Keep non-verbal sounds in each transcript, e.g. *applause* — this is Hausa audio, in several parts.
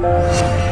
Bye.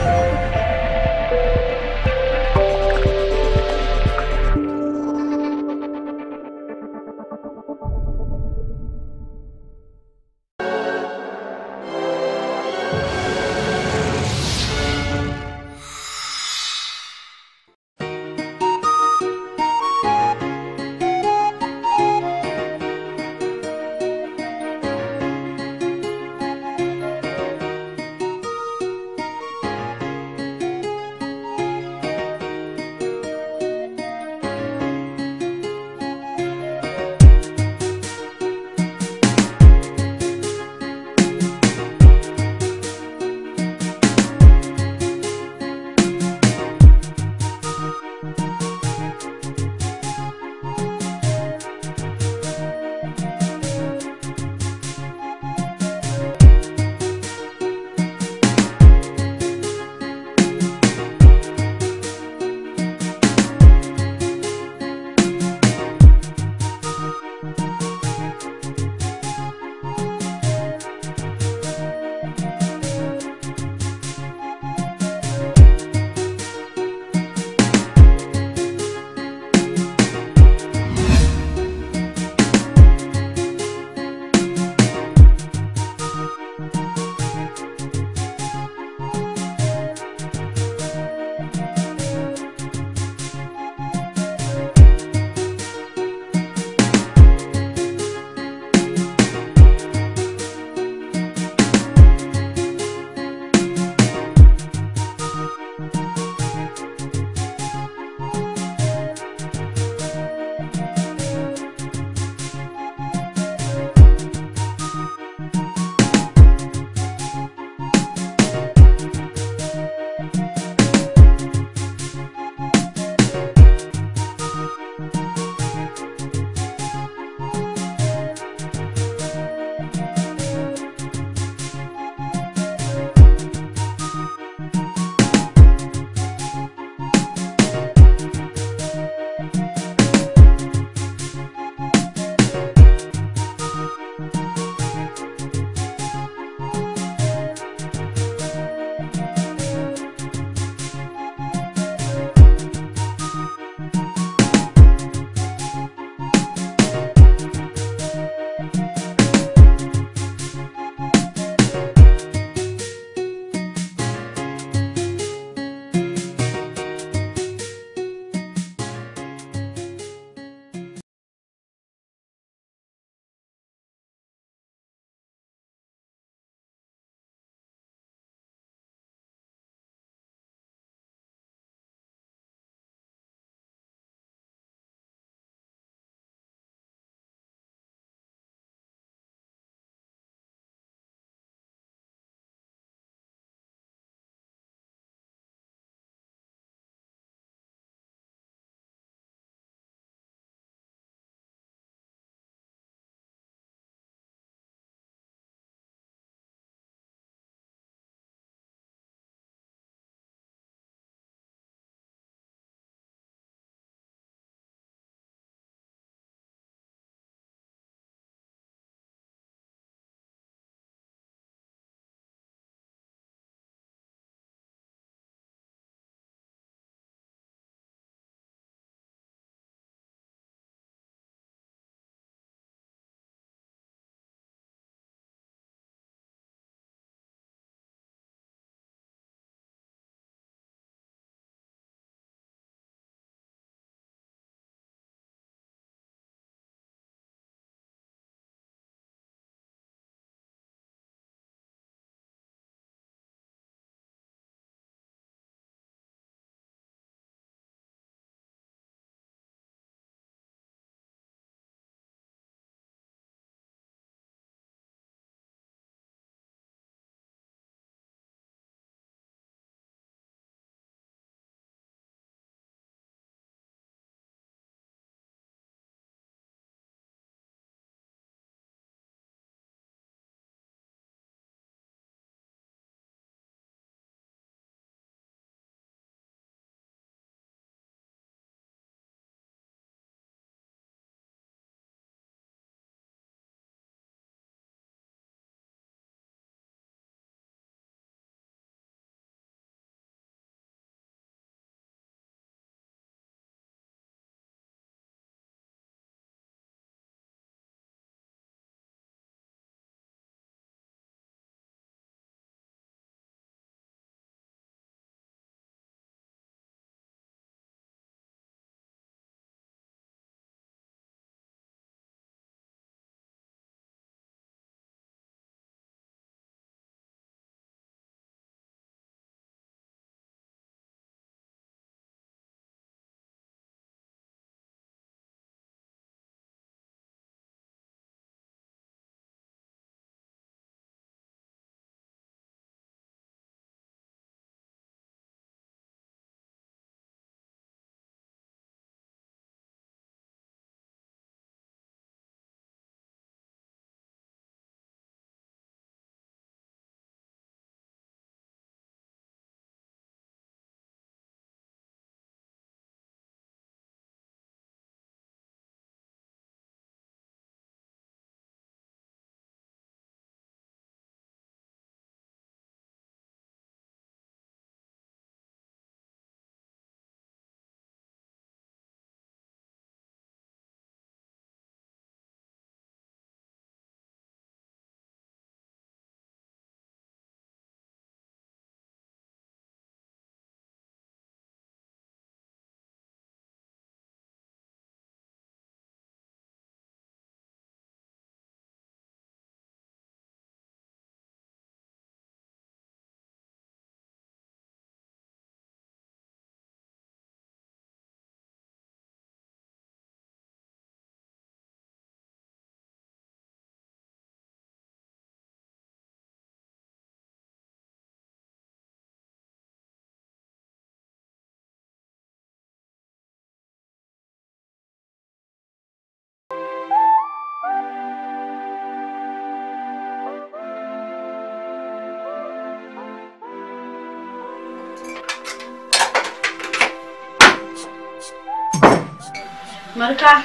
Marka,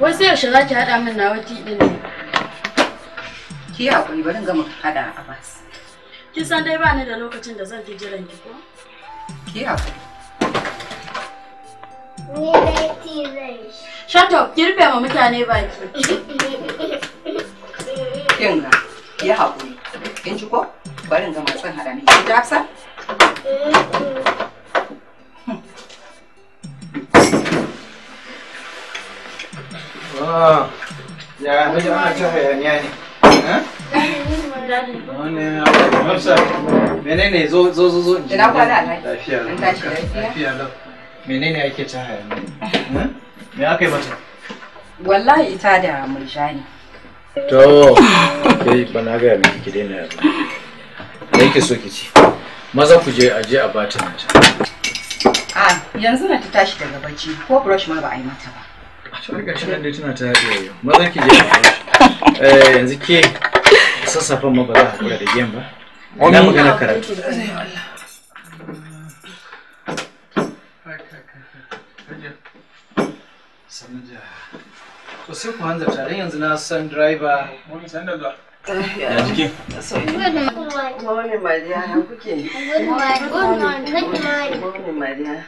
wasu yaushe za ki haɗa min na wati ɗin ne. Ki yi haƙuri barin gama haɗa a bas. Ki san dai ba ni da lokacin da zan ki jiran ki ko? Ki yi haƙuri. Ni dai ki zai. Shut up, rufe ma mutane baki. Kin ga, ki haƙuri. Kin ci ko? Barin gama tsan haɗa ni. Ki ta ya ne menene zo zo zo zo ina kwana lafiya menene ake ta hayaniya me aka yi mata wallahi ita da murjani to kai ba na ga me ki daina ba dai ki so ki ci maza ku je a je a bata mata a yanzu na ta tashi daga bacci ko brush ma ba a yi mata ba to ga shi nan ta haɗe maza ki je eh, yanzu ke sassafan ma ba za a kula da giyan ba ina magana karatu to sai ku yanzu na san driver wani da ya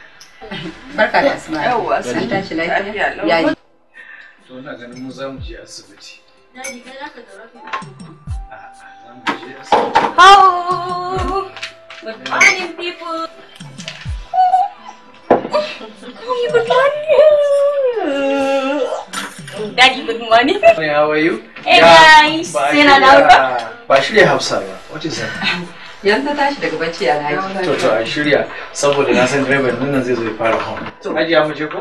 Barka da asma. lafiya. Yayi. To ina ganin mu za mu je asibiti. da rafi. Good morning people. good morning. Daddy, good morning. How are you? Hey guys, Ba What is that? yanzu ta tashi daga bacci a laji to to a shirya saboda na san direban nan zai zo ya fara hon to aji ya muje ko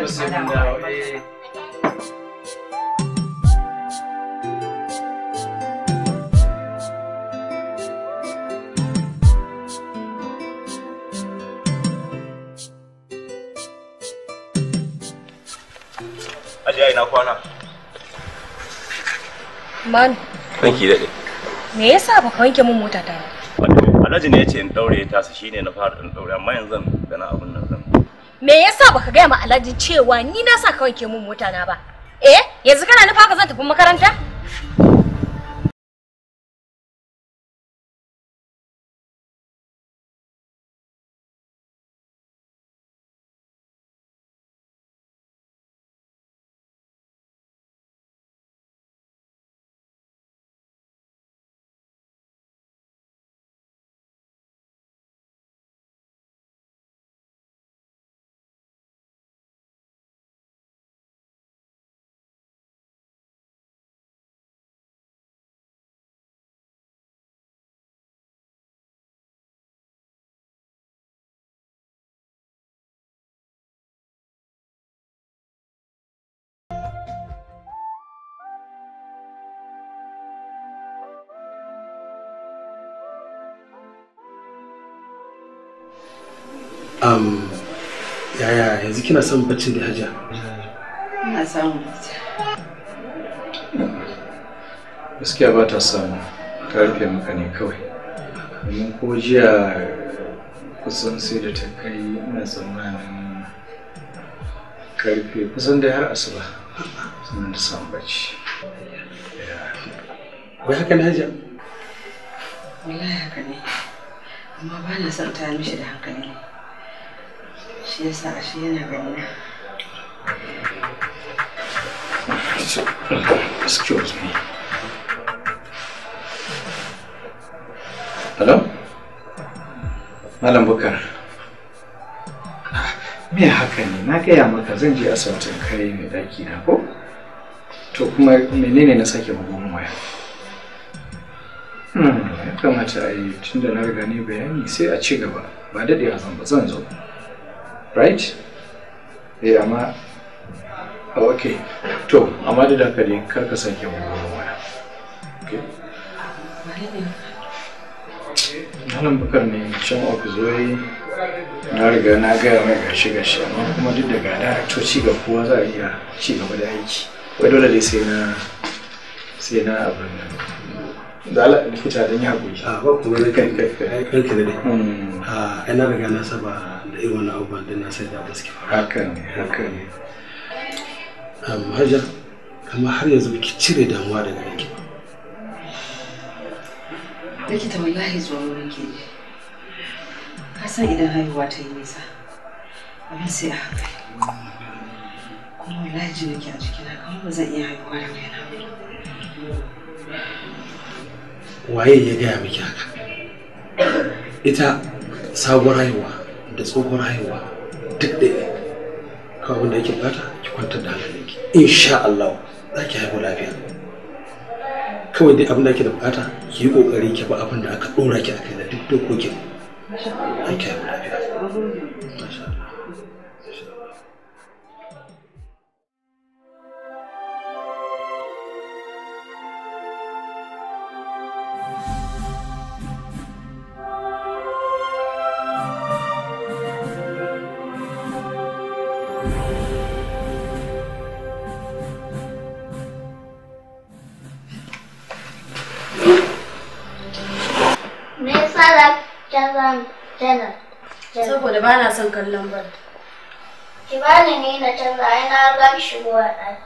to sai mun dawo eh Ajiya ina Man. Kanki daɗe. Me yasa baka wanke mun mota ta alhaji ne ya ce in daure ta su shine na fara in daure amma yanzu da na abun nan zan me yasa baka gaya ma alhaji cewa ni na sa kawai ke mun mota na ba eh yanzu kana nufa ka zan tafi makaranta um, yaya yanzu kina son bacci da hajiya ina samun bacci gaskiya ba ta samu ta rufe maka ne kawai domin ko jiya kusan sai da ta kai ina tsammanin karfe kusan dai har asuba sannan ta samu bacci wai haka na hajiya wallahi haka ne amma ba na son ta mishi da hankali ne shi yasa excuse me hello malam bukar me haka ne na gaya maka zan je asibitin kare mai daki na ko to kuma menene na sake bugun waya hmm, ya kamata a yi tun da na riga ni bayani sai a ci gaba ba daɗewa zan ba zan zo right eh amma oh, okay to amma da haka dai kar ka sake mu waya nan Malam Bukar ne can ofis na riga na gaya mai gashi gashi amma kuma duk da to ci ga kowa za a iya ci gaba da aiki wai dole dai sai na sai na abu nan da ala fita don yi haƙuri a ah, ba kuma na kai kai kai kai kai kai kai kai kai kai kai da yi wani abubuwan da na sai da gaske haka ne haka ne amma hajar amma har yanzu ki cire damuwa daga ranki likita wallahi zuwa wurin ke ka san idan haihuwa ta yi nisa abin sai a haka kuma wallahi ji nake a jikina kamar ba zan iya haihuwa da kaina waye ya gaya miki haka ita sabuwar haihuwa da tsohon haihuwa duk da ya kawo da yake bukata ki kwantar da hankalinki insha Allah za ki haihu lafiya kawai dai abin da ake da bata ki yi kokari ki bi abin da aka dora ki a kai da duk dokokin za ki haihu son kallon ba. Ki bani ne na canza ai na ga ki a ɗaki.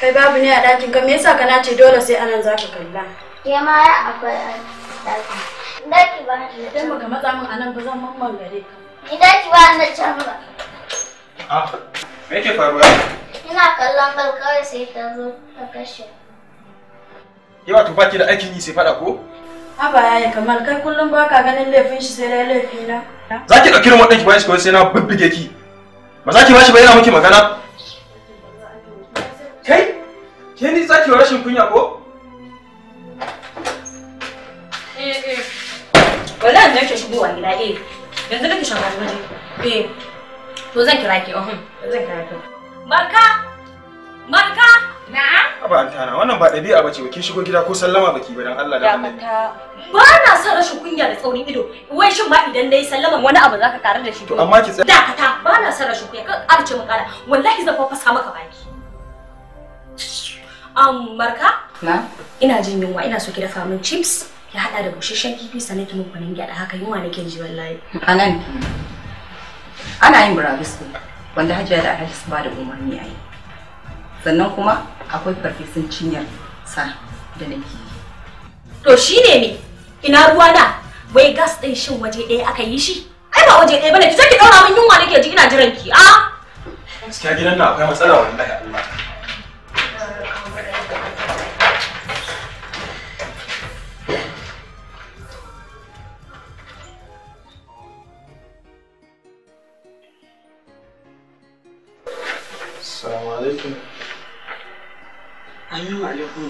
Kai babu ne a ɗakin ka me yasa ka nace dole sai anan zaka kalla? Ke ma ya akwai ɗaki. Ɗaki ba ni. Dan ga matsa min anan ba zan gare ka. Ni ɗaki ba na canza. Ah, me ke faruwa? Ina kallon bal kawai sai ta zo ta kashe. Yawa to baki da aikin yi sai faɗa ko? Haba kamar kai kullum ba ka ganin laifin shi sai dai Za ki ɗauki rimot ɗinki bayan shi kawai sai na bubbuge ki. Ba za bashi ba yana miki magana. Kai, ke ni za wa rashin kunya ko? Eh eh. Wala Na'am? Ba antana wannan ba ɗabi'a bace ba kin shigo gida ko sallama baki ba dan Allah da Allah. Ba na son rashin kunya da tsaurin ido. Wai shin ma idan dai sallama wani abu zaka karar da shi. To amma ki tsaya. Dakata ba na son rashin kunya kan arce mu kara. Wallahi zan fafasa maka baki. Um, Marka? Na? Ina jin yunwa ina so ki dafa min chips ya hada da busasshen kifi sannan ki mun kunin gyada haka yunwa nake ji wallahi. Anan. Ana yin burabisko wanda Hajiya da Alhaji ba da umarni a yi. sannan kuma akwai farfesun cinyar sa da nake to shine me ina ruwa na wai gas ɗin shin waje ɗaya aka yi shi ai ba waje ɗaya bane ki zaki ki daura min yunwa nake ji ina jiran ki a gaskiya gidan nan akwai matsala wallahi Allah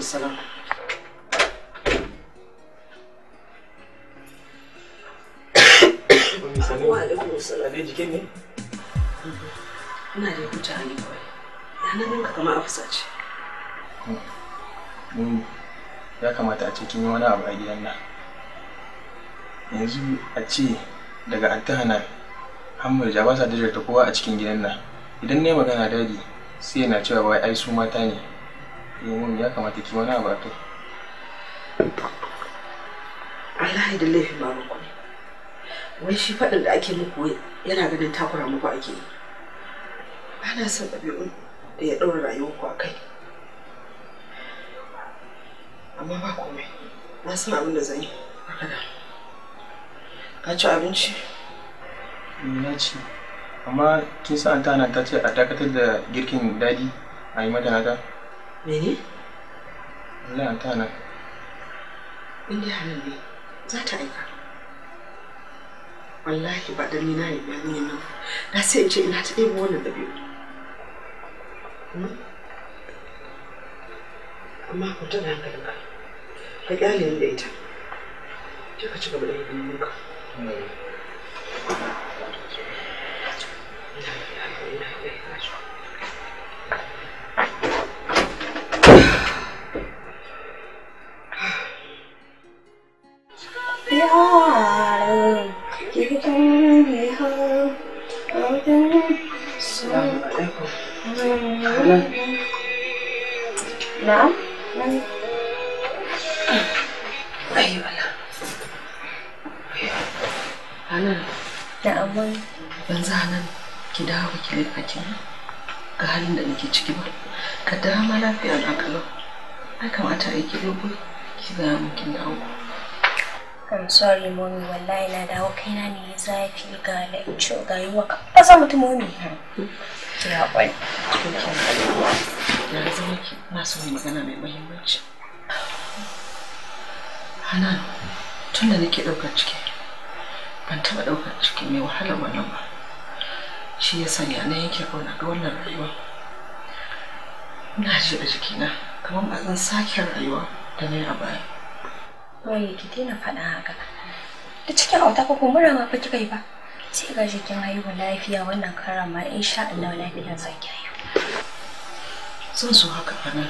salam a hmm. hmm. Ya kamata a ce kin yi wani abu a gidan nan. Yanzu a ce daga Antahana Hamur ja ba sa kowa a cikin gidan nan. Idan yi magana daji sai yana cewa wai ai su mata ne mun ya kamata ki wani abu a kai wallahi da laifin ba muku wai shi faɗin da ake muku yana ganin takura muku ake yi ba na son ɗabi'un da ya ɗaura rayuwarku a kai amma ba komai na san abin da zan yi haka da ka ci abinci na ci amma kin sa an ta ce a dakatar da girkin dadi a yi mata nata Mene? Allah ta nan. In dai halin ne, za ta aika. Wallahi ba dan na yi bayani nan. Na sai in ce ina ta ɗebo wannan ɗabi'u. Hmm? Amma ku tana hankalinka. Ka ƙyale ni da ita. Je ka ci gaba da yin ka. ake ga halin da nake ciki ba ka dama ma lafiya na kalau ai kamata aiki dogo ki ga mukin dawo I'm sorry mommy wallahi na dawo kaina ne ya zafi ga lecture ga yiwa ka fasa mutum mommy ki haƙuri ya zama ki na so magana mai muhimmanci Hanan tunda nake ɗaukar ciki ban taɓa ɗaukar ciki mai wahalar wannan ba shi ya sanya na yanke kauna ga wannan rayuwa ina ji a jikina kamar ba zan sake rayuwa da na yi a baya wai ki daina faɗa haka da cikin auta ko kumbura ma fa kika yi ba sai ga jikin haihu lafiya wannan karan ma insha Allah lafiya za ki haihu zan so haka fana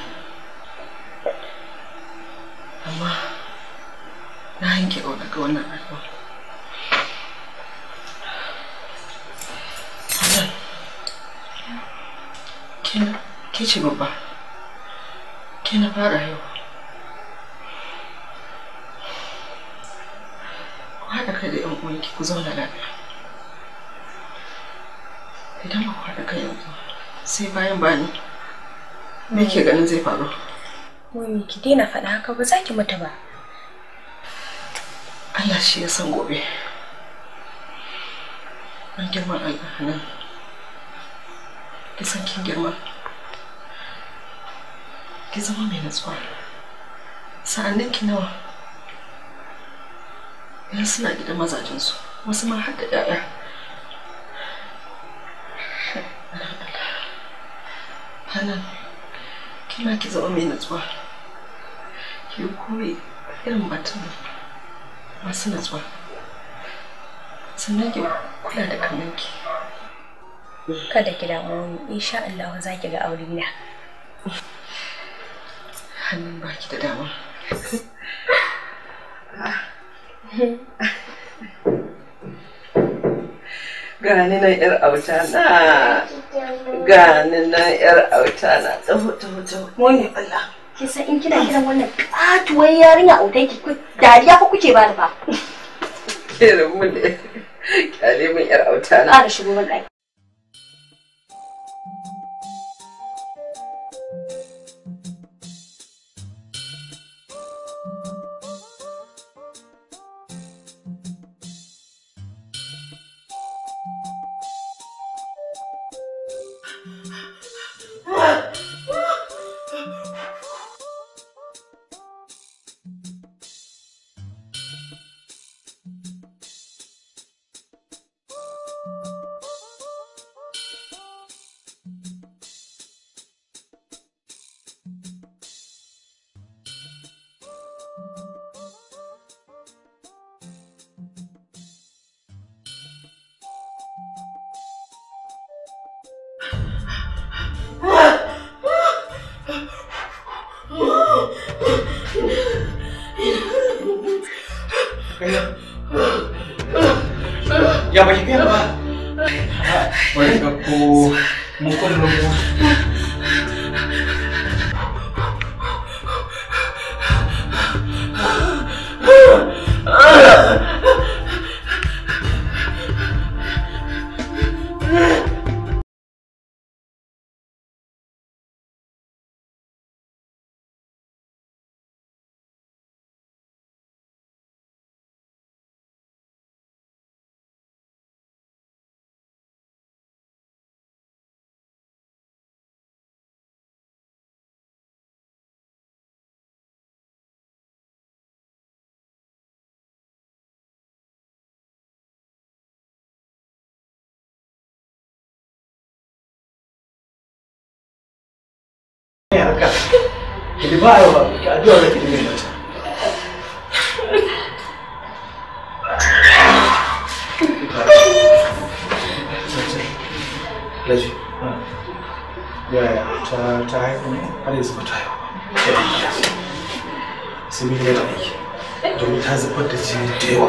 amma na yanke kauna ga wannan rayuwa ke ce babba ke na fara yau ku haɗa kai da 'yan uwanki ku zauna lafiya idan ba ku haɗa kai yanzu sai bayan bani me ke ganin zai faru Mami, ki daina faɗa haka ba za ki mata ba. Allah shi ya san gobe. An girman Allah nan. ya san kin girma ki zama mai natsuwa sa'annin ki nawa yan suna gidan mazajensu wasu ma har da 'ya'ya Hanan, kina ki zama mai natsuwa. Ki koyi irin batun masu natsuwa. Sannan ki kula da kamanki. kada ki damu insha Allah za ki ga aure na hannun baki da dama gani na yar auta na gani na yar auta na taho taho taho mone Allah ki san in kina kiran wannan katuwar yarinya autai ki ku dariya ko kuke ba bani fa kiran mun ne kale mun yar auta na ara shigo ban dai Ya banyak ya, Pak. Banyak aku mukul belum. ba a yawa ki za ki dinga mata Laji, yaya ta ta haihu ta da aiki ta zubar da da yawa.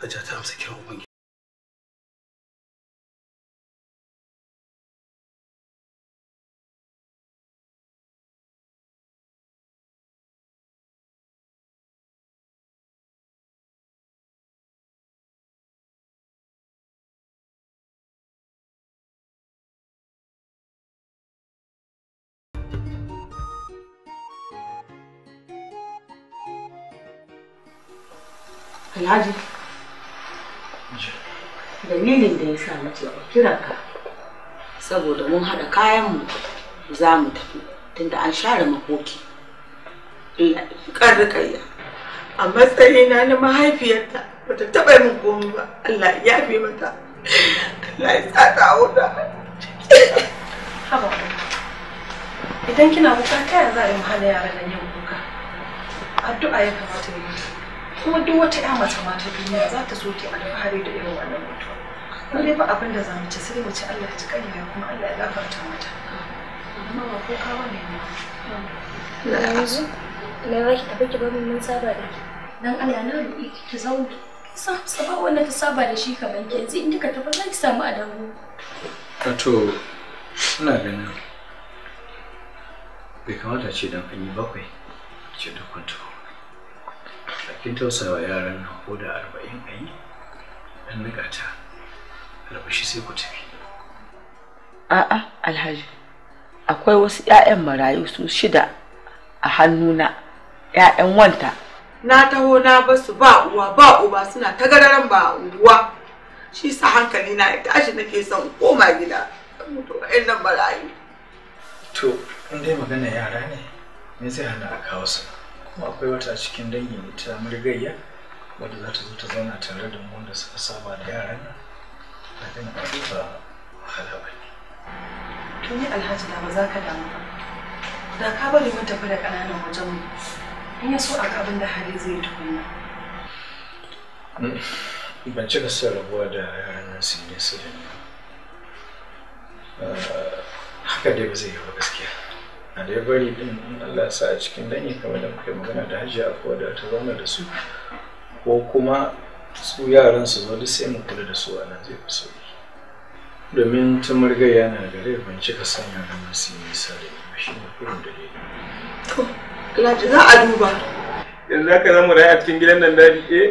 Hajja ta amsa kyau. Alhaji, dalilin da ya sa a muke ka saboda mun haɗa kayanmu za mu tafi tunda an share makoki. Ƙarriƙayya, a matsayina na mahaifiyarta bata taɓa min komi ba, Allah ya fi mata, Allah ya sa ta wuta. idan kina kuka ta za a yi hana yaran nan yin kuka, addu'a ya kamata yi kuma duk wata ya mace ma ta duniya za ta so ta alfahari da irin wannan mutuwa mu dai ba abin da za mu ci sai mu ci Allah ya ji kariya kuma Allah ya gafarta mata amma ba ko ka bane ne yanzu na ba ki tafi ki ba mun saba da ki dan Allah na roƙi ki ki zauna sa saba wanda ta saba da shi kamar ki yanzu in kika tafi za ki samu adabu wato ina ganin bai kamata ce dan an yi bakwai ce da kwanto a kin tausawa yaran nan ko da arba'in a yi dan nika ta albashi sai ku tafi a'a alhaji akwai wasu 'ya'yan marayu su shida a hannuna 'ya'yan wanta na taho na basu ba uwa ba uba suna ta gararan ba unguwa shi sa hankali na ita tashi nake son koma gida mutu wa'annan marayu to in dai magana yara ne me zai hana a kawo su akwai wata cikin dangi ta murgayya wadda za ta zo ta zauna tare da mu wanda suka saba da yaran nan da kan ba wahala ba ne to ni alhaji na ba za ka damu ba da ka bari mun tafi da ƙananan wajen mu in ya so a kabin da hali zai tukunna mm, ban cika son rabuwa da yaran nan su ne nesa da ni ah, haka dai ba zai yi ba gaskiya a dai bari din Allah sa a cikin dangi kamar da muke magana da hajji a kowa da ta zauna da su ko kuma su yaran su zo duk sai mu kula da su a nan zai fi sauki domin tun murgaya na rai ban cika son yaran nan su yi nisa da yi shi ne kurin dalili. To, Alhaji za a duba. Yanzu haka za mu rayu a cikin gidan nan dadi eh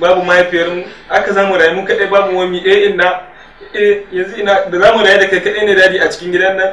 babu mahaifiyar mu aka za mu rayu mu kaɗai babu wani eh ina eh yanzu ina da za mu rayu da kai kaɗai ne dadi a cikin gidan nan.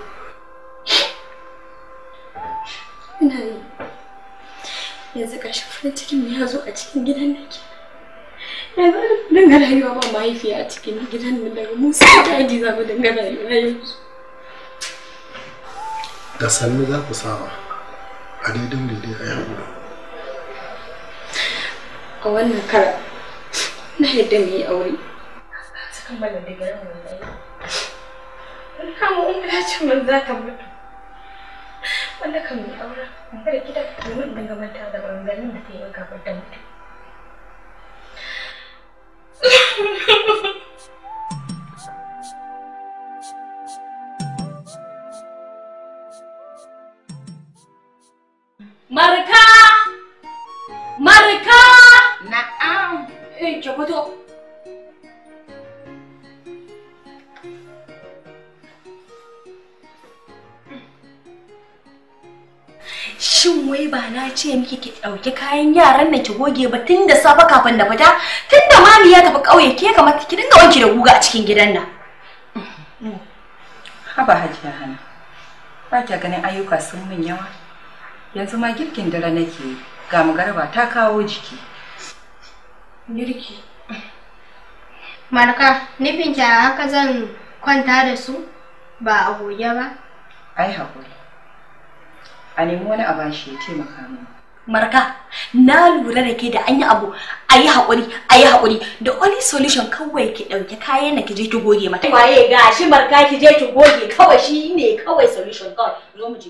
Ina yi. Yanzu ƙarshen farin cikin ya zo a cikin gidan nan Yanzu dinga rayuwa ba mahaifiya a cikin gidan nan daga Musa da Adi za mu dinga rayuwa yanzu. Da sannu za ku saba a daidan daidai a yau. A wannan kara na yadda mu yi aure. Sakan da garin wannan. ne umma ta ce mun ta mutu. wanda kan mai aura da gida domin dinga manta da gangarin da ta yi gabar da mutu Marka! Marka! Na'am! Eh, ki fito. wai ba na ce miki ki ɗauki kayan yaran nan ki goge ba tun da safe kafin da fita tun da mami ya tafi ƙauye ke kamata ki dinga wanki da guga a cikin gidan nan. Mm. Haba hajiya hana, ba ta ganin ayyuka sun min yawa. Yanzu ma girkin dare nake ga magarba ta kawo jiki. Girki. Marka, nufin ki haka zan kwanta da su ba a goge ba? Ai hakuri a nemi wani a bashi ya taimaka mini marka na lura da ke da an yi abu a yi haƙuri a yi haƙuri da only solution kawai ki ɗauki kayan da ki je ki goge mata waye ga shi marka ki je ki goge kawai shi ne kawai solution kawai zo mu je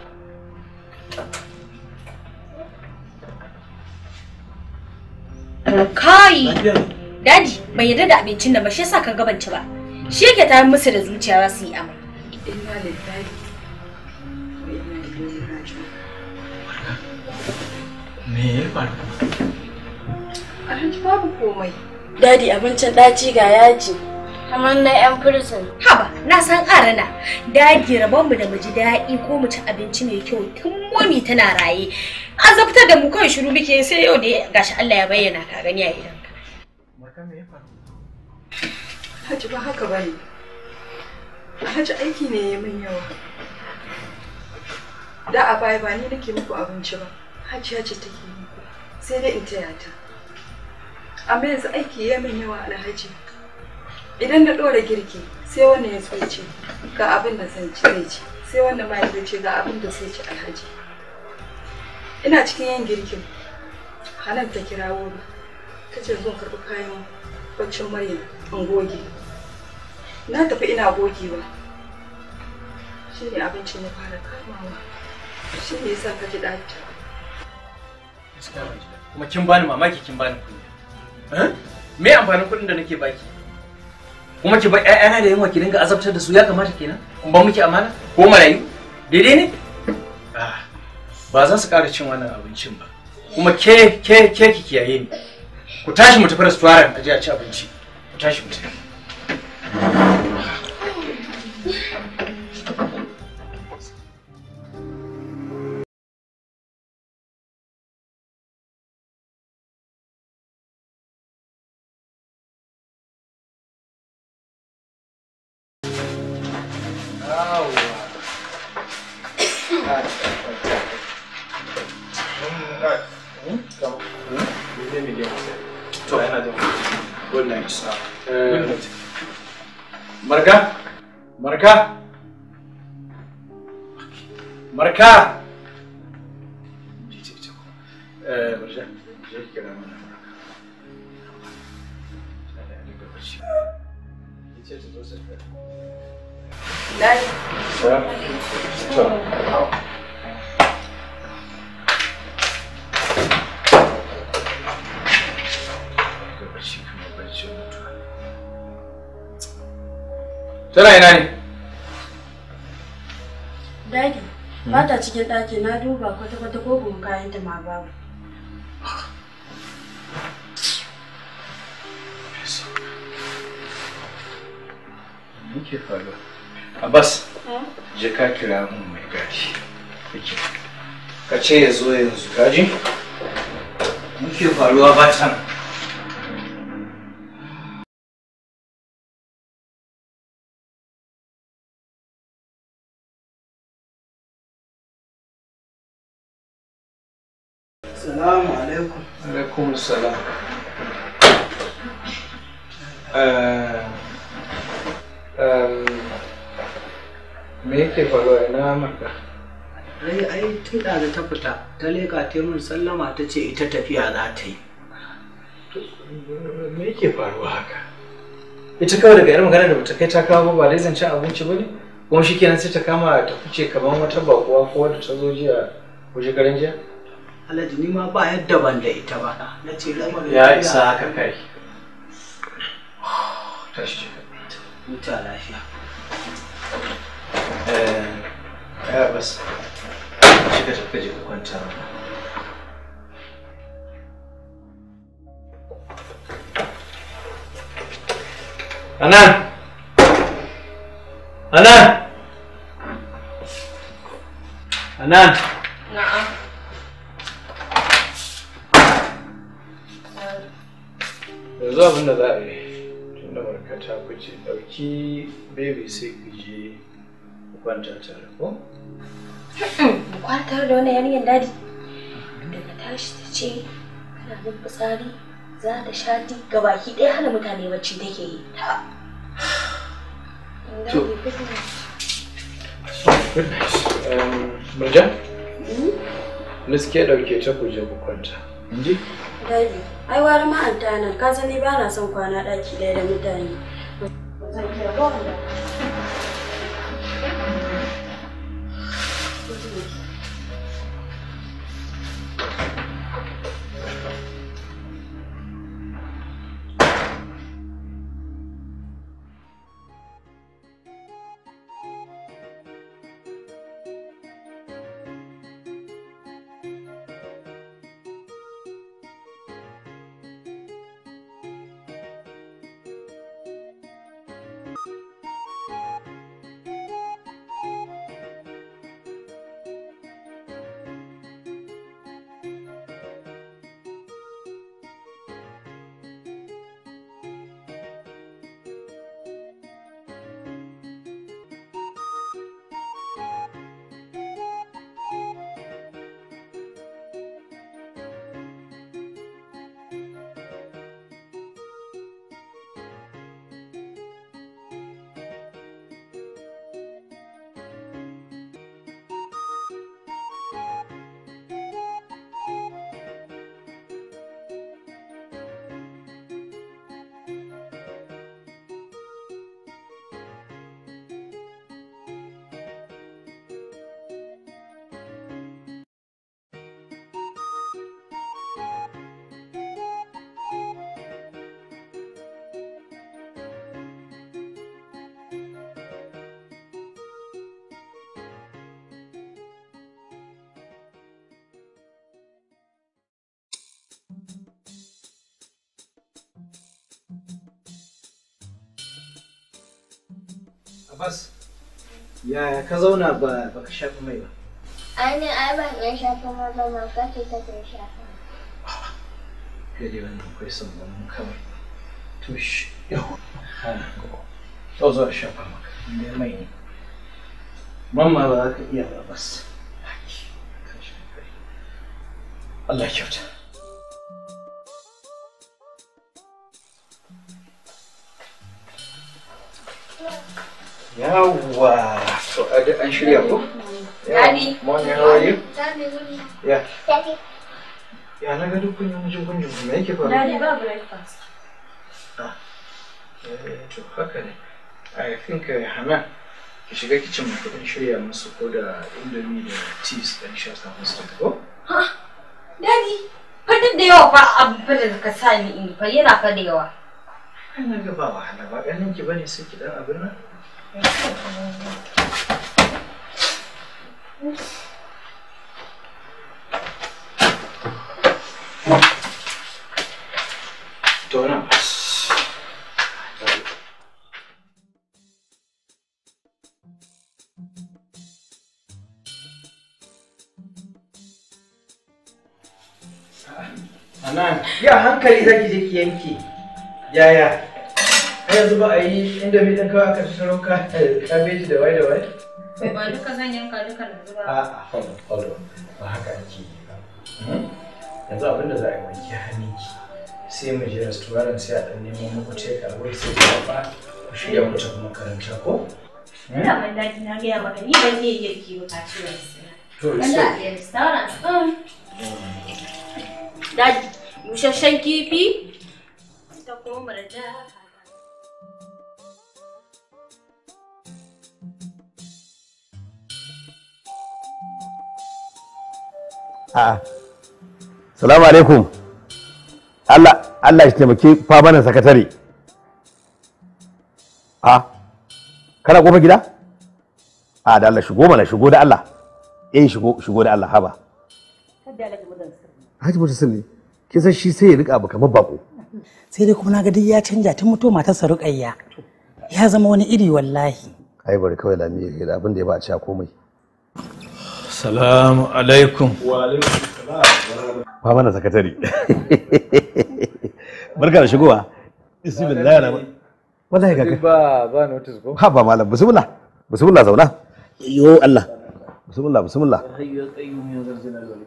koyi. Daji bai yarda da abincin da ba shi yasa ka ci ba. Shi yake ta musu da zuciya za su yi amai. Me ya faru? babu komai. Dadi abincin ɗaci ga yaji. Kamar na 'yan prison. Haba, na san arana. rabon rabonmu da mu ji daɗi ko mu ci abinci mai kyau tun momi tana raye. Azabtar da mu kawai shiru muke sai yau da gashi Allah ya bayyana ka gani a idan. Hajji ba haka ba ne. Hajji aiki ne ya min yawa. Da a baya ba ni nake muku abinci ba. Hajji Hajji take yi muku. Sai dai in taya ta. Amma yanzu aiki ya min yawa alhaji. Idan na ɗora girki sai wannan ya tsoce ga abin da zan ci zai ci. Sai wannan ma ya ce ga abin da zai ci alhaji. Ina cikin yin girkin. Hanan ta kirawo ni. Ta ce zo karɓi kayan baccin Maryam in goge. na tafi ina gogewa shi ne abincin ya fara kamawa shi ne yasa ka ji ɗanta kuma kin bani mamaki kin bani kuɗi eh? me amfanin kuɗin da nake baki kuma ki bar ƴaƴana da yunwa ki dinga azabtar da su ya kamata kenan kun muke miki amana ko marayu daidai ne ah, ba za su ƙara cin wannan abincin ba kuma ke ke ke ki kiyaye ni ku tashi mu tafi restaurant a je a ci abinci ku tashi mu tafi Marka? Marka? Marka? Tana ina ne? Dadi, ba ta cikin ɗaki na duba kwata-kwata ko kuma kayan ta ma babu. Muke faruwa. Abbas, je ka kira mun mai gadi. Kake. Ka ce ya zo yanzu, gaji? Muke faruwa ba can. Salamu alaikum. Alaikum salam. Eh, me yake faruwa ina maka? Ai ai tun da ta fita ta leƙa ta mun sallama ta ce ita tafiya za ta yi. Me yake faruwa haka? Ita kawai daga yar magana da ta kai ta kawo ba ba zan ci abinci ba ne? Kuma shi kenan sai ta kama ta fice kamar wata bakuwa ko wadda ta zo jiya ko shi shekaran jiya? alhaji ni ma ba yadda ban da ita ba na ce ya isa haka kai tashi huta lafiya eh ya eh, bas tafi kwanta Anan! Anan! Anan! Na'am. yanzu abin da za a yi tun da marka ta ɗauki baby sai ku je ku kwanta tare ko? kwanta da wani yanayin dadi daga tashi ta ce kana bin fitsari za ta shati ga baki ɗaya hana mutane bacci take yi ta um, Murja? Hmm? Miss ke ɗauke ta ku je ku kwanta. Inji? Daji. ai wani ma an tana ka sani ba na son kwana ɗaki ɗaya da mutane Thank you. Abbas, yaya ka zauna ba ka mai ba? Ani ai ban ɗan shafa mai ba ka ce kake shafa. Kai dai wannan kai son ba mun kawai. To shi yawa. To shafa maka. Inda mai ne. Mamma ba za ka iya ba Abbas. Allah kyauta. Yawwa. So an shirya Daddy. Morning, how are you? Daddy, good Yeah. Daddy. Ya na ga duk yi kun me yake Daddy ba breakfast. Ah. Eh to haka ne. I think uh, ki shiga kicin mu kudin shirya musu ko da indomie da cheese dan sha ta musu ko? Ha. Daddy. Fadin da yawa fa abin da ka sa ni in fa yana fa da yawa. Ina ga ba wahala ba ganin ki bane sai ki dan abin nan. ya hankali zaki je ki yanke yaya har yanzu ba a yi inda bi ɗin kawai aka tattaro kabeji da wai da wai? Ba duka zan yanka duka da ba. A'a, hold on, ba haka ake yi ba. Hmm? Yanzu abin da za a yi wanke ki, sai mu je restaurant sai a ɗan neman muku take away sai ku ba ku shirya mu tafi makaranta ko? Hmm? Ina ban daji na gaya maka ni ban iya girki ba kaci ba. To, isa. Restaurant, um. Daji, busasshen kifi da kuma murja. salamu alaikum Allah Allah shi taimake famanan sakatare a kana kofa gida a da Allah shigo mana shigo da Allah eh shigo shigo da Allah haba Haji mutum sirri kin san shi sai ya rika abu kamar bako sai dai kuma na ga duk ya canja tun mutuwa sa ruƙayya ya zama wani iri wallahi ai bari kawai lami ya da abin da ya ba a cewa komai Assalamu alaikum. Wa mana sakatari. *laughs* Barka da shigowa. Bismillah ya Wallahi ba ba notice ko. Ha ba malam bismillah. Bismillah zauna. Yo Allah. Bismillah bismillah. qayyum.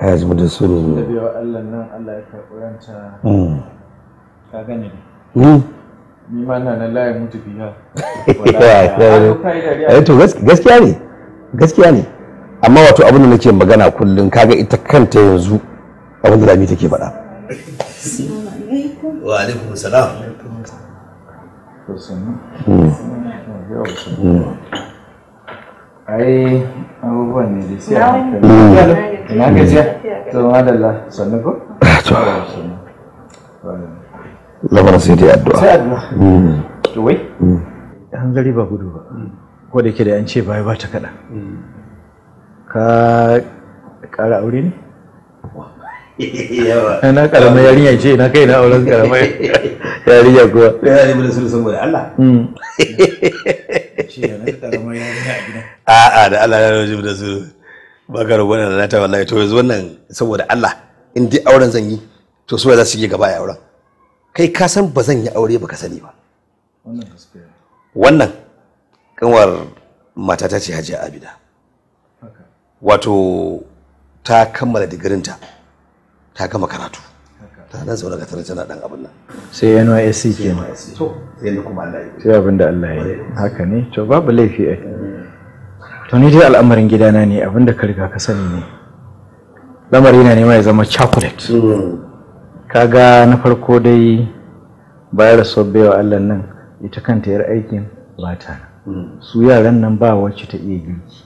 ya zama da su da biya Allah nan Allah ya karɓi ranta hmm. ka gani ne hmm. ni ma na nan layin mutu biya *laughs* eh to gaskiya ne gaskiya ne amma wato abin da nake magana kullum kaga ita kanta yanzu abin da Lami take faɗa wa alaikum salam hmm. ai abubuwan ne da sai a hankali ina gajiya to madalla sannu ko eh, to lamar sai dai addu'a sai addu'a hmm. to wai hmm. ba gudu ba hmm. ko da yake da an ce bai ba ta kada ka kara aure ne *laughs* eh, na karamar yarinya ce na kai na auren karamar *laughs* yarinya kuwa ya ne bude sun saboda Allah *laughs* ce na a da Allah ya rajim da su baka roƙon da nata wallahi to yanzu wannan saboda Allah in dai auren zan yi to su za su yi gaba a auren kai ka san ba zan yi aure baka sani ba wannan gaskiya wannan kanwar mata ta ce Hajiya Abida wato ta kammala digirinta ta gama karatu ta nan sau daga tare tana dan abin nan sai NYSC ke to sai da kuma Allah ya sai abinda Allah ya haka ne to babu laifi ai to ni dai al'amarin gidana ne abin da ka riga ka sani ne lamari na nema ya zama chocolate hmm. kaga na farko dai bayar da wa Allah nan ita kanta yar aikin ba ta hmm. su yaran nan ba wacce ta iya girki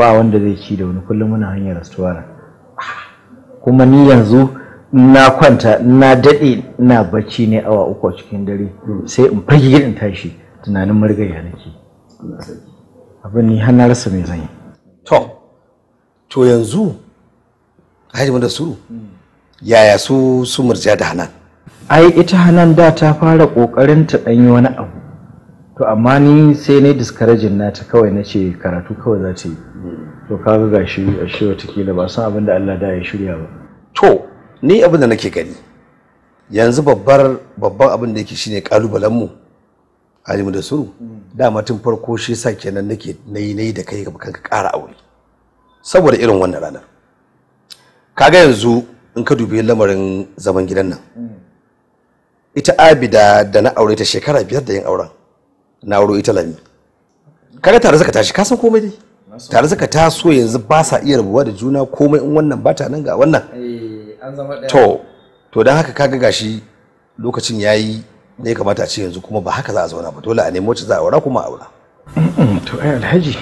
ba wanda zai ci da wani kullum muna hanyar restaurant ah, kuma ni yanzu na kwanta na daɗe na bacci ne awa uku a cikin dare sai in fage in tashi tunanin marigayya nake abin ni har na rasa mai zan yi to to yanzu haji da su yaya su su murja da hanan ai ita hanan da ta fara kokarin ta danyi wani abu to amma ni sai ne discouraging nata kawai na ce karatu kawai za ta yi to kaga gashi a shi watakila ba san abin da Allah da ya shirya ba to ni abin da nake gani yanzu babbar babban abin da yake shine kalubalen mu alimu da suru dama tun farko shi sa kenan nake nayi nayi da kai kan ka ƙara aure saboda irin wannan ranar kaga yanzu in ka dubi lamarin zaman gidan nan ita abida da na aure ta shekara biyar da yin auren na aure ita lami kaga tare suka tashi ka san komai dai tare suka taso yanzu ba sa iya rabuwa da juna komai in wannan ba ta nan ga wannan eh. to to don haka kaga gashi lokacin yayi ne kamata a ce yanzu kuma ba haka za a zauna ba dole a nemo ci za a aura kuma a aura to ai alhaji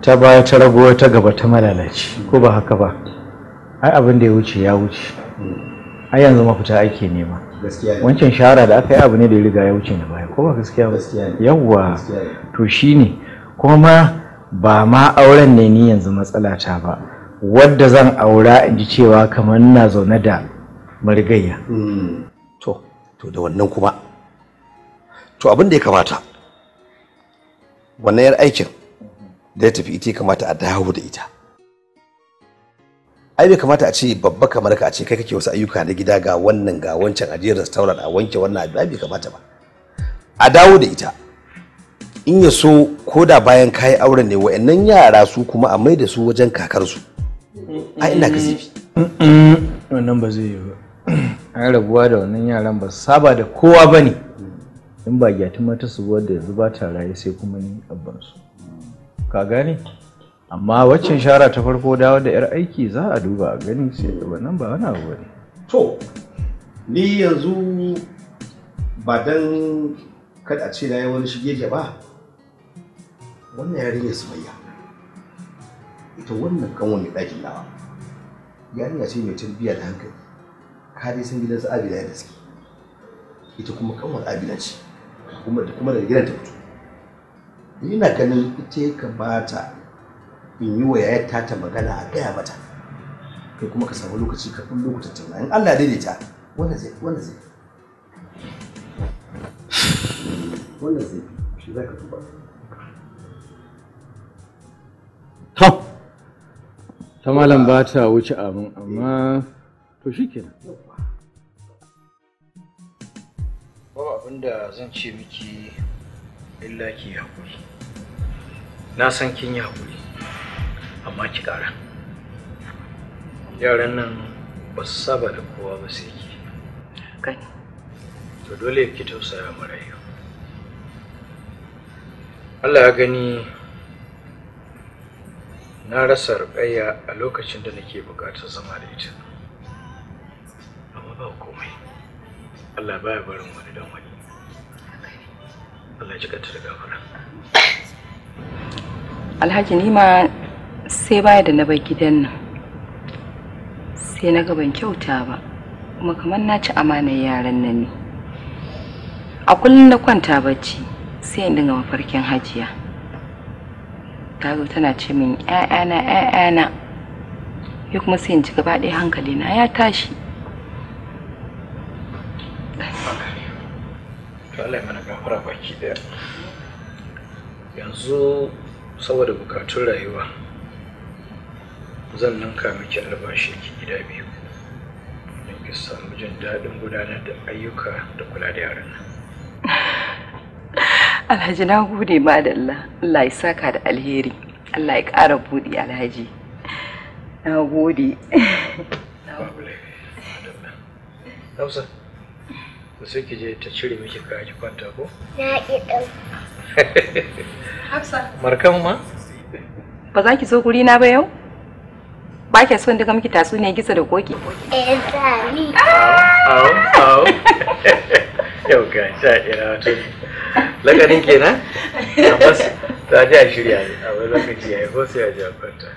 ta baya ta rago ta gaba ta malalaci ko ba haka ba ai abin da ya wuce ya wuce mm. ai yanzu mafita ake nema wancan shahara da aka yi abu ne da ya riga ya wuce na baya ko ba gaskiya ba yawwa to shine kuma ba ma auren ne ni yanzu matsala ta ba wadda zan aura in ji cewa kamar na zaune da marigayya hmm. to to da wannan kuma to abin da ya kamata wannan yar aikin da ya tafi ita kamata a dawo da ita ai bai kamata a ce babba kamar ka a ce kai kake wasu ayyuka na gida ga wannan ga wancan ajiyar restaurant a wanke wannan abu bai kamata ba a dawo da ita in ya so ko da bayan kayi auren ne wa'annan yara su kuma a mai da su wajen kakarsu ai ina zafi wannan ba zai yi ba an rabuwa da wannan yaran ba saba da kowa ba ne in ba gyati mata su wadda ya zuba ta raye sai kuma ni su. ka gane amma waccan shara ta farko dawo da 'yar aiki za a duba a gani sai wannan ba wani abu ne to ni yanzu ba dan kada a ce na yi wani shige ba wannan yarinya sumayya ita wannan kanwa mai ɗakin nawa yarinya ce mai tarbiyya da hankali ka dai san gidansa abila da suke ita kuma kanwar abila ce kuma da kuma daga gidan ta fito ni ina ganin ita ya kamata in yi wa yayar ta magana a gaya mata kai kuma ka samu lokaci ka kun lokutan tauna in Allah ya daidaita wannan zai wannan zai wannan zai shi zaka tuba Tom. ta malam ba ta wuce abin amma to shi kenan ba abin da zan ce miki illa ki haƙuri na san kin yi hakuri amma ki ƙara yaran nan ba su saba da kowa ba sai ki kai to dole ki tausaya marayu. Allah ya gani na rasa rukayya a lokacin da nake buƙatar zama da ita amma ba komai Allah baya barin wani dan wani Allah ya jikata da gafara Alhaji ni ma sai baya da na bar gidan nan sai na ga ban kyauta ba kuma kamar na ci amanar yaran nan ne a kullum na kwanta bacci sai in dinga mafarkin hajiya ta zo tana ce min ‘ya'yana ‘ya'yana ya kuma sai in ci gaba ɗaya hankali na ya tashi Allah mana gafara baki daya yanzu saboda bukatun rayuwa zan ninka miki albashi ki gida biyu don ki samu jin daɗin gudanar da ayyuka da kula da yaran Alhaji na gode ma da Allah. Allah ya saka da alheri. Allah ya ƙara buɗi Alhaji. Na gode. Hausa, ku sai ki je ta cire miki ka ji kwanta ko? Na ki ɗau. *laughs* Hafsa. Markan ma? Ba za ki zo guri na ba yau? ba ki son duka miki ne gisa da koki? Eh, sami. Au, au, au. *laughs* Yau ga ta ina wato. lakanin kenan tabbas ta ji a shirya ne a wani lokaci ya yi ko sai ya ji a kwanta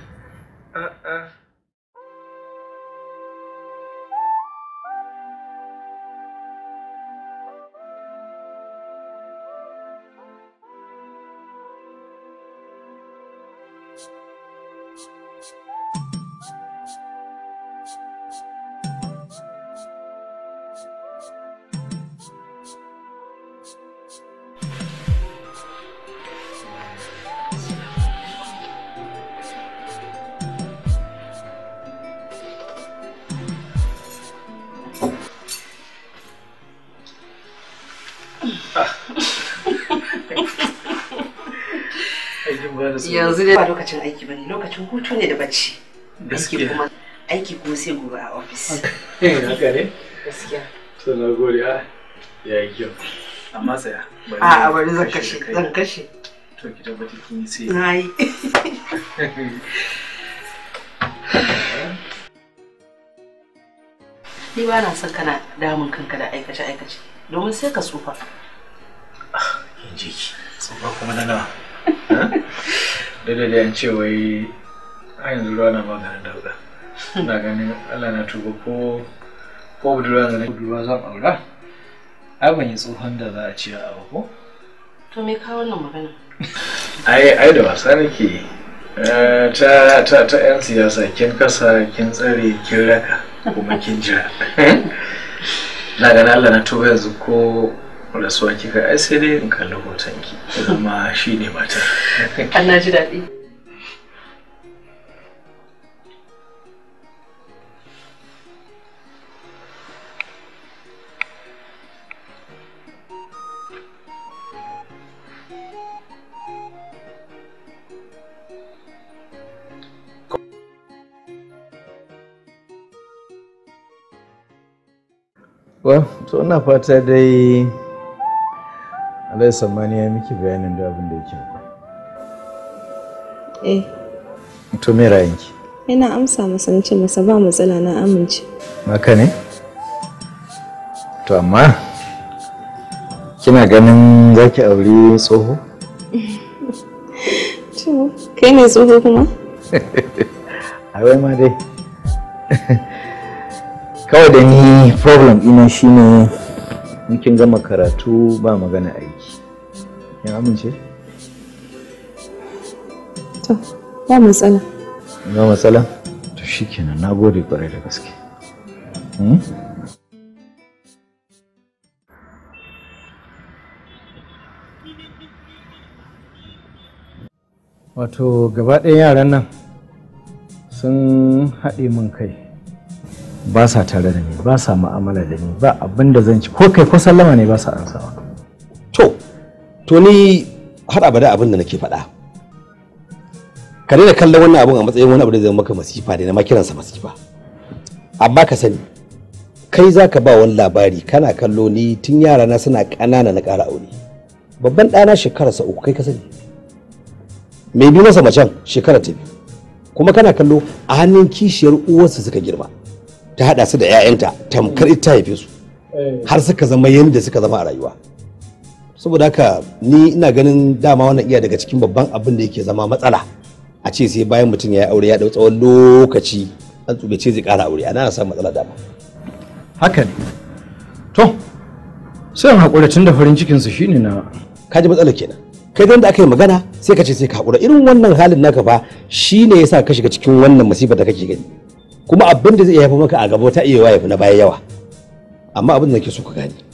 yanzu ba lokacin aiki bane lokacin hutu ne da bacci kuma aiki kuma sai gobe a ofis haka *laughs* ne gaskiya na gode a ah, ya yi kyau amma a bari zan kashe zan kashe to ki tabbata kin yi sai *laughs* ni ba na son kana damun kanka da aikace aikace domin sai ka tsufa ah, in ji ki tsufa kuma na nawa *laughs* duk da dai ce wai a yanzu ruwa na maganin dauda na ganin allah na tuba ko ko budurwa na budurwa zan aura ai ban yi tsohon da za a ce a ko to me kawo wannan magana ai ai da wasa nake eh, ta ta ta yan siyasa kin kasa kin tsare kin raka kuma kin jira *laughs* na ganin allah na tuba yanzu ko rasuwa kika ai sai dai in kalli hotonki amma shi ne matar Allah ji daɗi Well, so ina fata dai Alai Sammani ya miki bayanin da abin da yake Eh. To me ra'ayinki? Ina amsa masa nace masa ba matsala na amince. Maka ne? To amma kina ganin zaki aure tsoho? *laughs* To kai ne tsoho kuma? *laughs* wai ma dai. *laughs* Kawai da ni problem ina shine in gama karatu ba magana aiki. ya amince? to ba matsala ba matsala to shikenan na gode kwarai da gaske hmm? wato gaba ɗaya yaran nan sun haɗe min kai ba sa tare da ni ba sa ma'amala da ni ba abin da zan ci ko kai ko sallama ne ba sa ansawa to ni har abada abin da nake faɗa ka daina kallon wannan abin a matsayin wani abu da zai maka masifa da na ma kiransa masifa amma ka sani kai za ka ba wani labari kana kallo ni tun yara na suna ƙanana na ƙara aure babban ɗana shekararsa uku kai ka sani mai bi masa macen shekara ta biyu kuma kana kallo a hannun kishiyar uwarsa suka girma ta haɗa su da 'ya'yanta tamkar ita haife su eh. har suka zama yadda suka zama a rayuwa saboda haka ni ina ganin dama wannan iya daga cikin babban abin da yake zama matsala a ce sai bayan mutum ya yi aure ya dau tsawon lokaci an tsube zai kara aure ana samun matsala dama haka ne to sai hakura tun da farin cikin su shine na kaji matsala kenan kai da aka yi magana sai ka ce sai ka hakura irin wannan halin naka fa shine yasa ka shiga cikin wannan masifa da kake gani kuma abin da zai iya haifar maka a gaba ta iya yawa na baya yawa amma abin da nake so ka gani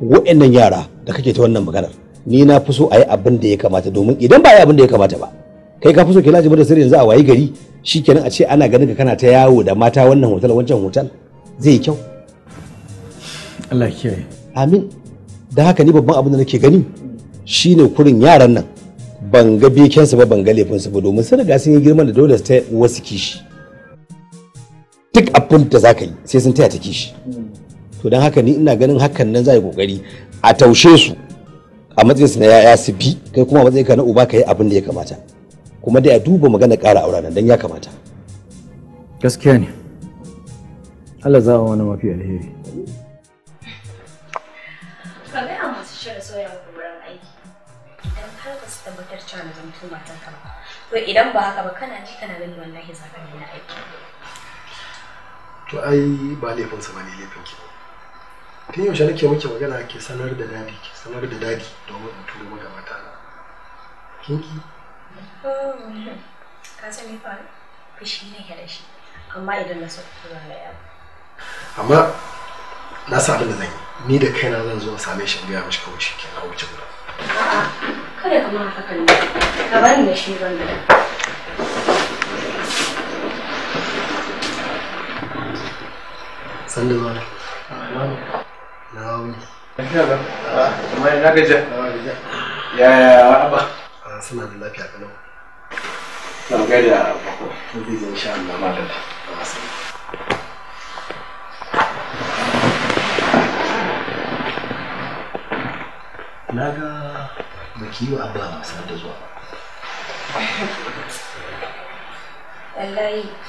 wa'annan yara da kake ta wannan maganar ni na fi so a yi abin da ya kamata domin idan ba a yi abin da ya kamata ba kai ka fi so kila jibar da sirri yanzu a wayi gari shikenan a ce ana ganin ka kana ta yawo da mata wannan hotel wancan hotel zai yi kyau Allah kiyaye amin da haka ni babban abin da nake gani shine kurin yaran nan ban ga su ba ban ga su ba domin sun riga sun yi girman da dole su ta wasu kishi duk abin da zaka yi sai sun taya ta kishi to don haka ni ina ganin hakan nan zai kokari a taushe su a matsayin su na yaya su bi kai kuma matsayin ka na uba ka yi abin da ya kamata kuma dai a duba magana ƙara aure nan don ya kamata gaskiya ne Allah za a wani mafi alheri ka masu wurin aiki idan ba tabbatar cewa na ka ba to idan ba haka ba kana ji kana gani wallahi za ka na aiki to ai ba laifin sa ba ne laifin ki tun yaushe nake muke magana ke sanar da dadi ke sanar da dadi domin in turo maka mata na kinki oh, ka sani fa fushi ne ya da shi amma idan na so tura na yau amma na sa abin da zan yi ni da kaina zan zo same shi ga mishi kawai shi ke na wuce guda kada ka mun haka ne ka bani da shi ban da sanda zuwa Lafiya ba? Amma ina gajiya? Yaya ah, Suna da lafiya kalau. Zan gaida bako. Zai zai sha Allah ma da Na ga baki yi wa abba sanar da zuwa ba.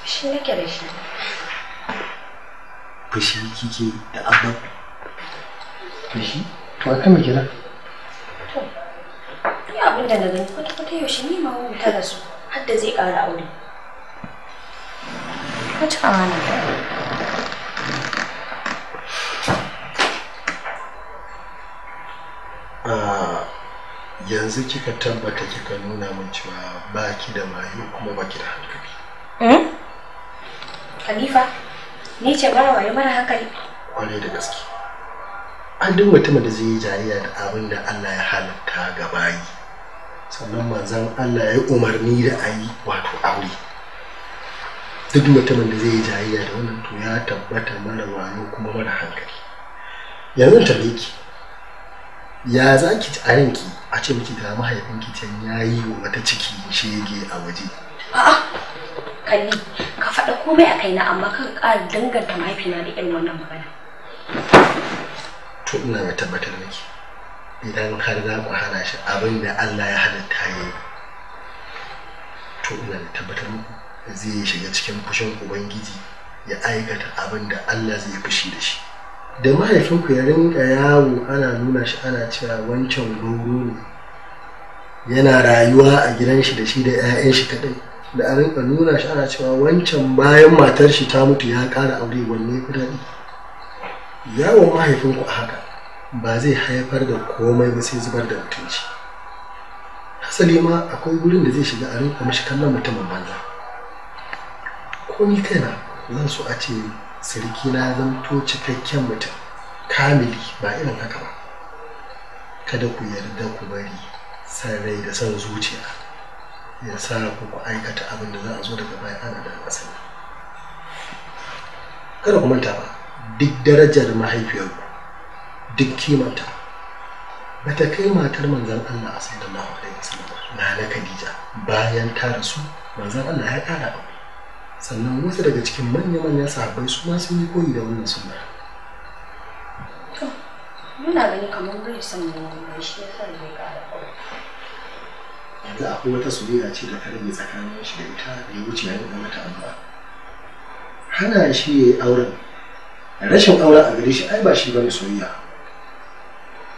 shi nake da shi. Fushi kike da abba? da shi to akan mu kira to ni abin da na gani kwata kwata yaushe ni ma wani ta rasu har da zai ƙara aure ka ci amana ah, yanzu kika tabbata kika nuna min cewa ba ki da mayu kuma ba ki da hankali. Hmm? Khalifa, ni ce mara wayo mara hankali. Kwarai da gaske. an duk mutumin da zai yi jayayya da abin da Allah ya halatta ga bayi sannan manzan Allah ya yi umarni da a yi wato aure duk mutumin da zai yi jayayya da wannan to ya tabbata mara wayo kuma mara hankali yanzu ta ki ya za ki a yanki a ce miki ga mahaifinki can ya yi wa wata ciki shege a waje a'a kalli ka faɗa komai a kaina amma kan ƙara danganta mahaifina da irin wannan magana Tun ina mai tabbatar miki idan har za ku hana shi abin da Allah ya halitta ya yi to ina da tabbatar muku zai shiga cikin fushin ubangiji ya aikata abin da Allah zai fushi da shi da mahaifinku ya rinka yawo ana nuna shi ana cewa wancan goro ne yana rayuwa a gidan shi da shi da 'ya'yan shi kadai da a rinka nuna shi ana cewa wancan bayan matar shi ta mutu ya ƙara aure wanne kuɗaɗe yawon mahaifinku a haka ba zai haifar da komai ba sai zubar da mutunci hasali ma akwai wurin da zai shiga a rinka mashi kallon mutumin banza ko ni kaina zan so a ce sarki na zanto cikakken mutum kamili ba irin haka ba kada ku yarda ku bari san rai da san zuciya ya sa ku ku aikata abin da za a zo daga baya ana da kada ku manta ba duk darajar mahaifiyarku duk kimanta ba ta kai matar manzan Allah a sallallahu alaihi wasallam na na Khadija bayan ta rasu manzan Allah ya kara ba sannan wasu daga cikin manya manya sahabbai su ma sun yi koyi da wannan sunna muna gani kamar bai san mun shi yasa bai kara yanzu akwai wata soyayya ce da ta rage tsakanin shi da ita da ya wuce yayin da mata addu'a hana shi auren rashin aure a gare shi ai ba shi bane soyayya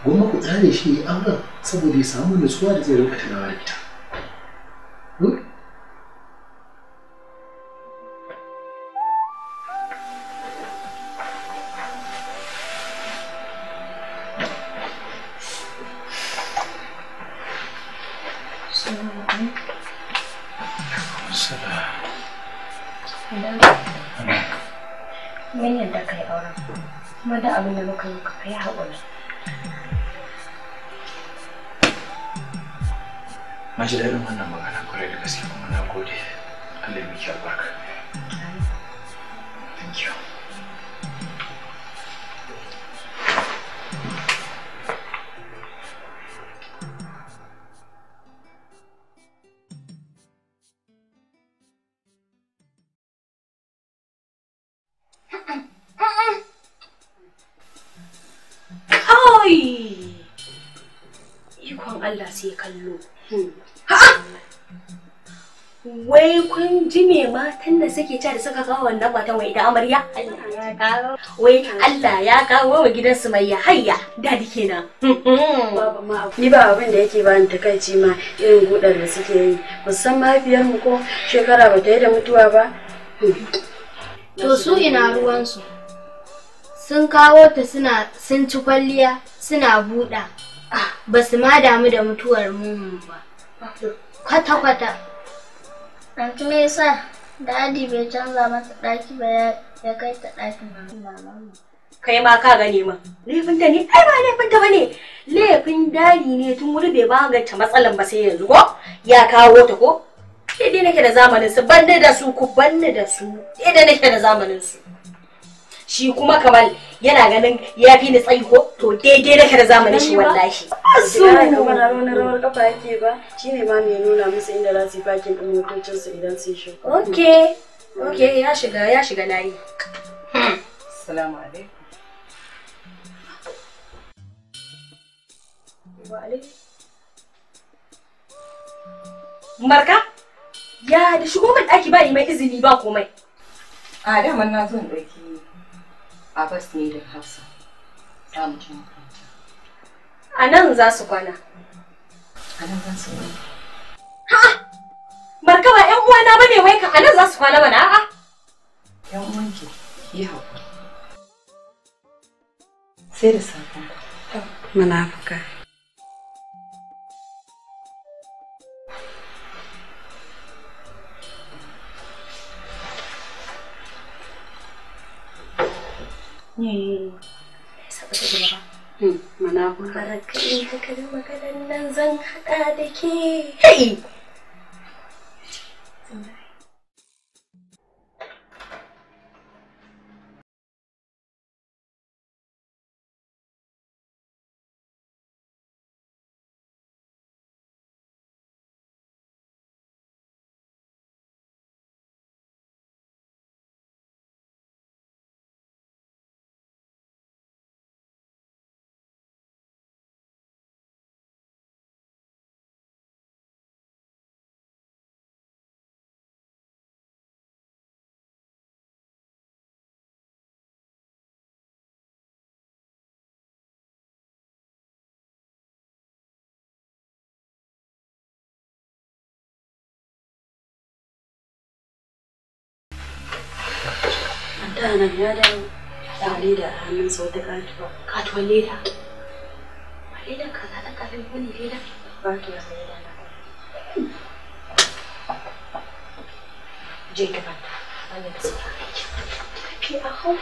gwamma ku tsare shi auren saboda ya samu nutsuwa da zai rinka tunawa da ita hmm? mun yadda kai auren kuma da abin da muka yi ka kai haƙuri na ji daɗin wannan magana kwarai da gaske kuma na gode Allah ya miki albarka thank you suke ci da suka kawo wannan matan wai da amarya Allah ya kawo wai Allah ya kawo wa gidan su mai hayya dadi kenan ni ba abin da yake bani takaici ma irin gudar da suke yi musamman mahaifiyar mu ko shekara ba ta yi da mutuwa ba to su ina ruwan su sun kawo ta suna sun ci kwalliya suna buɗa ba su ma damu da mutuwar mu ba kwata-kwata me yasa Dadi bai canza masa ɗaki ba ya kai ta ɗakin mama. Kai ma ka gane ma. Laifin ta ne? Ai ba laifin ta bane. Laifin dadi ne tun wuri bai magance matsalan ba sai yanzu ko? Ya kawo ta ko? Ke dai nake da zamanin su, banni da su, ku banni da su. Ke dai nake da zamanin su. shi kuma kamal yana ganin ya fi ni tsayi ko to daidai naka da zamanin shi wallahi su ne ba na rawar rawar kafa yake ba shine ma ne nuna musu inda za su yi fakin din motocin su idan sun shi okay okay ya shiga ya shiga layi assalamu alaikum wa alaikum marka ya da shigo mai daki ba yi mai izini ba komai a daman na zo ɗauki Abbas ne da Hafsa. Ta mutum makaranta. A nan za su kwana. A nan za su kwana. Ha! Markaba 'yan uwana bane wai ka a nan za su kwana bana a'a. Yan uwanki yi hakuri. Sai da safen. Munafuka. Mana kuka. Barkai ka kalli maganan nan zan haɗa da ke. nan ya dawo tare da hannunsa katuwa leda ba leda ka za ta kafin leda ba ta leda na je ka a hau